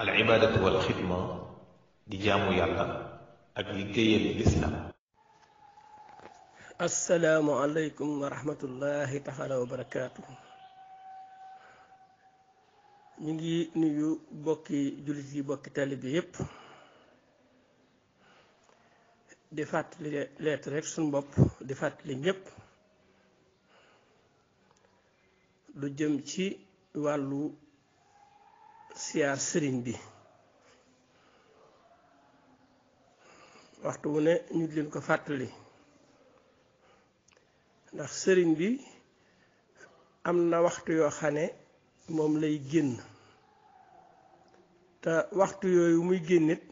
al ibaadatu wal xidma di jaamu yàlla ak liggéeyal lislaam assalaamu aleykum wa rahmatullahi taxala wa barakaatu ñu ngi nuyu bokki jullit yi bokki taalibe bi yépp di fàttali leet rek suñ bopp di fàttali ñépp lu jëm ci wàllu siyaar sëriñ bi waxtu wu ne ñu leen ko fàttali ndax sëriñ bi am na waxtu yoo xane moom lay génn te waxtu yooyu muy génnit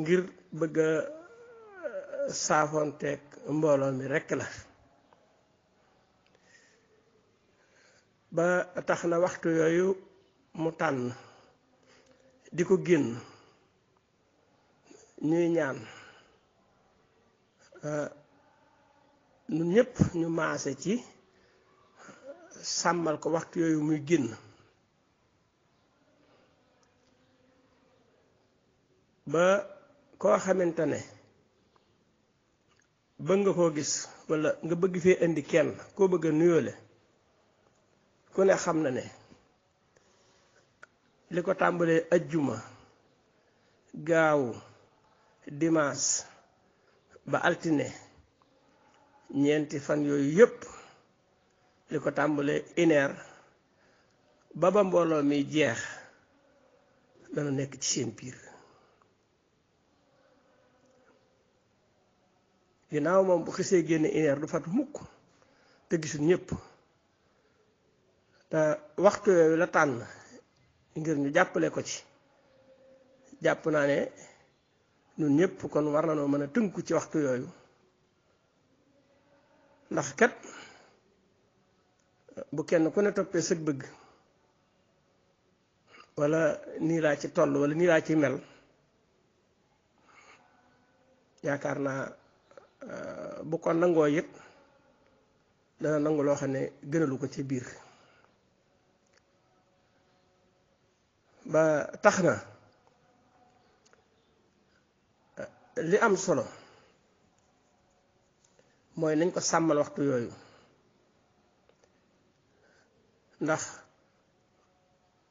ngir bëgg a euh, saafoonteeg mbooloo mi rekk la ba tax na waxtu yooyu mu tànn di ko génn ñuy ñaan ñun euh, ñépp ñu maase ci sàmmal ko waxtu yooyu muy génn ba koo xamante ne bëgg nga koo gis walla nga bëgg fee indi kenn koo bëgg a nuyoole ku ne xam na ne li ko tàmbalee ajjuma gaawu dimaas ba altine ñeenti fan yooyu yépp li ko tàmbalee ineer ba ba mbooloo mi jeex dana nekk ci seen biir ginnaaw moom bu xisee génn ineer du fatu mukk te gisul ñépp te waxtu yooyu la tànn ngir ñu jàppale ko ci jàpp naa ne ñun ñëpp kon war na noo mën a tënku ci waxtu yooyu ndax kat bu kenn ku ne toppee sëg bëgg wala nii laa ci toll wala nii laa ci mel yaakaar naa bu ko nangoo yit dana nangu loo xam ne gënalu ko ci biir ba tax na li am solo mooy nañ ko sàmmal waxtu yooyu ndax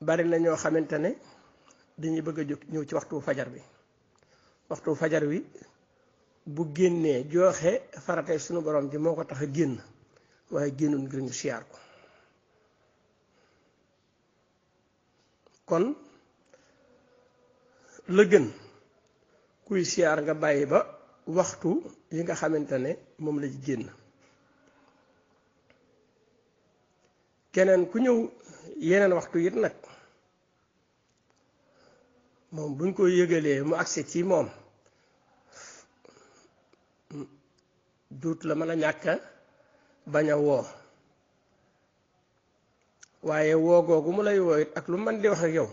bari na ñoo xamante ne dañuy bëgg a jóg ñëw ci waxtu fajar bi waxtu fajar wi bu génnee jooxe faratee sunu borom ji moo ko tax a génn waaye génnul ngir ñu siyaar ko kon la gën kuy siyaar nga bàyyi ba waxtu yi nga xamante ne moom la ci génn keneen ku ñëw yeneen waxtu it nag moom buñ ko yëgalee mu agsi ci moom duut la mën a ñàkka bañ a woo waaye woo googu mu lay woo it ak lu man di wax yow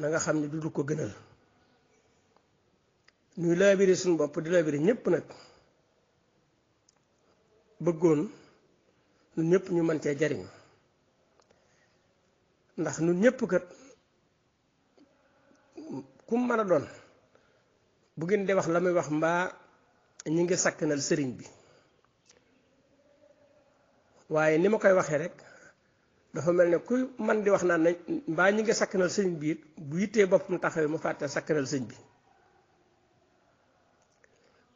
na nga xam ne du lu ko gënal ñuy laabire suñ bopp di laabire ñëpp nag bëggoon ñun ñëpp ñu mën cee jariñ ndax ñun ñëpp kat ku mu mën a doon bu ngeen di wax la muy wax mbaa ñi ngi sakkanal sëriñ bi waaye ni ma koy waxee rek dafa mel ne kuy man di wax naan nañ mbaa ñi nga sakkanal sëñ biir it bu yittee boppam taxawee mu fàtte sakkanal sëñ bi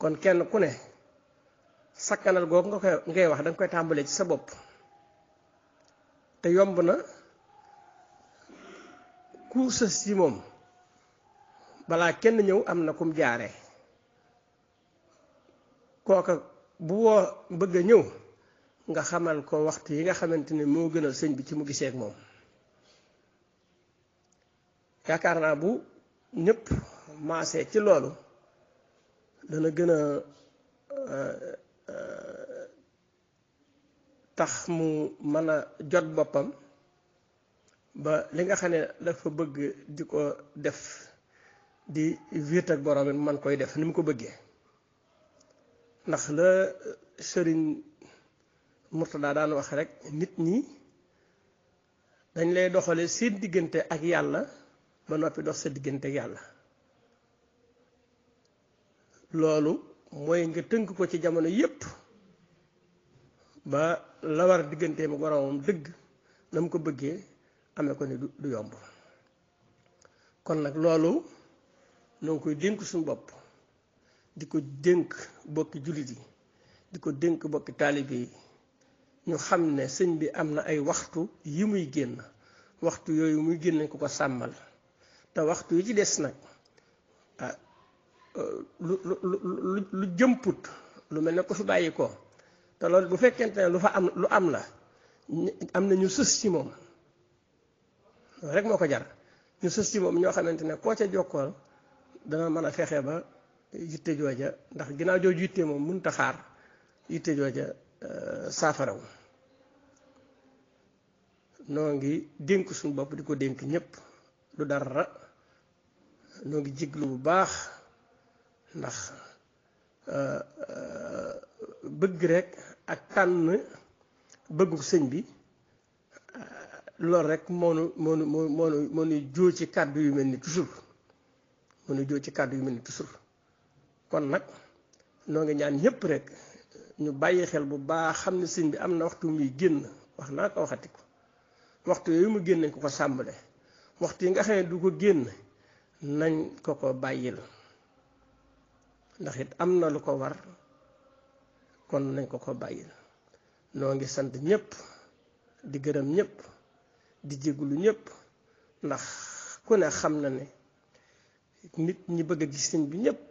kon kenn ku ne sakkanal googu nga koy ngay wax danga koy tàmbalee ci sa bopp te yomb na ku sës ci moom balaa kenn ñëw am na kum jaaree kooka bu woo bëgg a ñëw nga xamal ko waxtu yi nga xamante ne moo gënal sëñ bi ci mu gisee ak moom yaakaar naa bu ñëpp maasee ci loolu dana gën a euh, euh, tax mu mën a jot boppam ba li nga xam ne dafa bëgg di ko def di wéet ak borom man koy def ni mu ko bëggee ndax la sëriñ Murtada daan wax rek nit ñi dañ lay doxale seen diggante ak yàlla ba noppi dox sa diggante ak yàlla loolu mooy nga tënk ko ci jamono yépp ba la war digganteem ak dëgg na mu ko bëggee amee ko ni du yomb kon nag loolu noo ngi koy dénk suñu bopp di ko dénk bokki jullit yi di ko dénk bokki taalibe ñu xam ne sëñ bi am na ay waxtu yi muy génn waxtu yooyu muy génn ko ko sàmmal te waxtu yi ci des nag ah lu lu lu lu jëmput lu mel ne ku fi bàyyi ko te loolu bu fekkente ne lu fa am lu am la am na ñu sës ci moom rek moo ko jar ñu sës ci moom ñoo xamante ne koo ca jokkool dana mën a fexe ba yitte jooja ndax ginnaaw jooju yitte moom mënut a xaar yitte jooja. Euh, saafaraw noo ngi dénk suñ bopp di ko dénk ñépp du dara noo ngi jiglu bu baax ndax euh, bëgg rekk ak tànn bëggu sëñ bi euh, loolu rek moonu moonu moonu moonu joo ci kàddu yu mel ni toujours moonu jóo ci kàddu yu mel ni toujours kon nag noo ngi ñaan ñépp rekk ñu bàyyi xel bu baax xam ne sëñ bi am na waxtu muy génn wax naa ko waxati ko waxtu yooyu mu génn nañ ko ko sàmbale waxtu yi nga xam ne du ko génn nañ ko ko bàyyil ndax am na lu ko war nañ ko ko bàyyil noo ngi sant ñëpp di gërëm ñépp di jéglu ñépp ndax ku ne xam na ne nit ñi bëgg a gis bi ñépp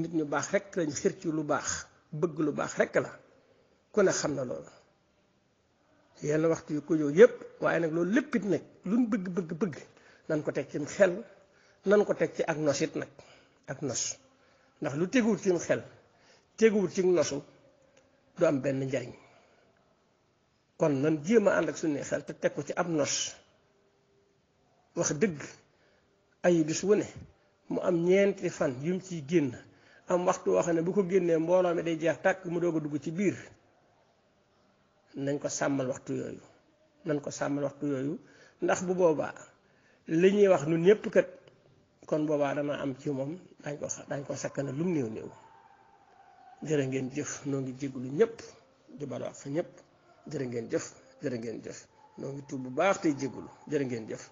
nit ñu baax rekk lañ xir ci lu baax bëgg lu baax rekk la ku ne xam na loolu yenn waxtu yu ko yow yépp waaye nag loolu lépp it nag luñ bëgg bëgg bëgg nan ko teg cim xel nan ko teg ci ak nos it nag ak nos ndax lu teguwul cim xel teguwul ci nosu du am benn njariñ kon nan jéem a ànd ak suñuy xel te teg ko ci ab nos wax dëgg ay bis wu ne mu am ñeenti fan yum ciy génn am waxtu woo ne bu ko génnee mbooloo mi day jeex tàkk mu doo a dugg ci biir nañ ko sàmmal waxtu yooyu ko sàmmal yooyu ndax bu boobaa li ñuy wax nu ñëpp kat kon boobaa dana am ci moom dañ ko dañ ko sakkana lu néew néew jërë ngeen jëf noo ngi jéglu ñëpp di balu ak fa ñëpp jërë ngeen jëf jërë ngeen jëf noo ngi tuub bu baax tey jéglu jërë ngeen jëf